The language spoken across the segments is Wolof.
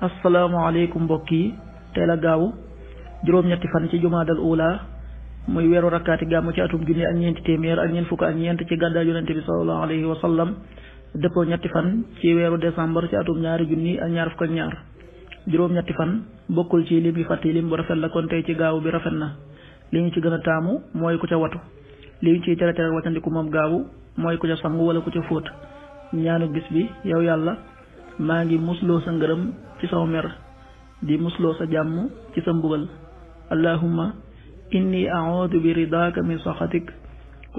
asalaamaaleykum mbokk yi teel a gaaw juróom-ñetti fan ci jumaadal ula muy weeru rakkaati gàmm ci atum junni ak ñeenti téeméer ak ñeent fukk ak ñeent ci gàddaa yonente bi salallahu alayhi wa sallam ñetti fan ci weeru décembre ci atum ñaari junni ak ñaar fukk ñaar juróom-ñetti fan bokkul ci lim yi fàttali lim bu rafet la kon tey ci gaaw bi rafet na li ñu ci gën a taamu mooy ku ca watu li ñu ciy tere tere wàccandiku moom gaawu mooy ku ca sangu wala ku ca fóot ñaanu bis bi yow yàlla maa ngi musloo sa ngërëm ci saw mer di musloo sa jàmm ci sa mbugal allahumma inni audu bi ridaaka min saxatik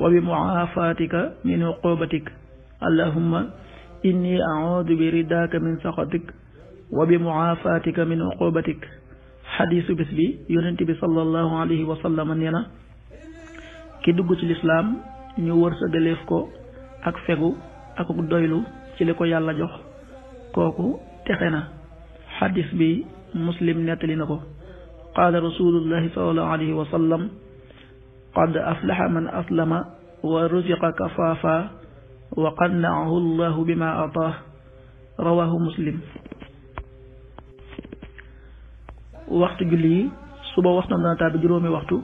wa bi muaafaatika min uqubatik allahumma inni audu bi min saxatik xadiisu bis bi yonent bi sallallahu alayhi wa sallam nee ki dugg ci lislaam ñu wër sa gëléef ko ak fegu ak doylu ci la ko yàlla jox kooku texe na xadis bi muslim nettali na ko qaala rasulullahi sallallahu alayhi wa sallam qad aflaxa man aslama wa ruziqa kafaafa wa qannaahu llahu bima ataah rawahu muslim waxtu julli yi suba waxtoom dana tàbbi juróomi waxtu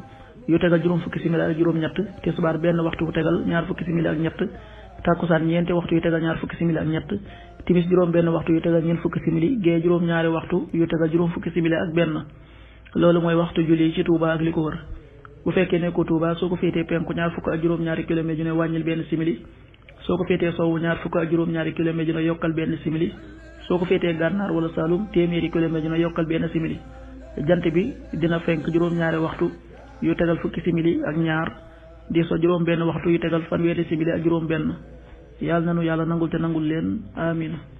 yu tegal juróom fukki simili juróom ñett tisbaar benn waxtu bu tegal ñaar fukki simili ak ñett takkusaan ñeenti waxtu yu tegal ñaar fukki simili ak ñett timis juróom benn waxtu yu tegal ñeent fukki simili gee juróom ñaari waxtu yu tegal juróom ak benn loolu mooy waxtu julli ci Touba li ko wër bu fekkee ne ko Touba soo ko féetee penku ñaar fukk ak juróom-ñaari kilomètre yu ne wàññil benn simili soo ko féetee sowwu ñaar fukk ak juróom-ñaari kilomètre yu yokkal benn simili soo ko féetee gànnaar wala Saalum téeméeri yokkal benn simili jant bi dina fenk juróom-ñaari waxtu yu tegal fukki simili ak ñaar di so juróom benn waxtu yu tegal fanweeri simili ak juróom benn yàlla na nu yàlla nangul te nangul leen amina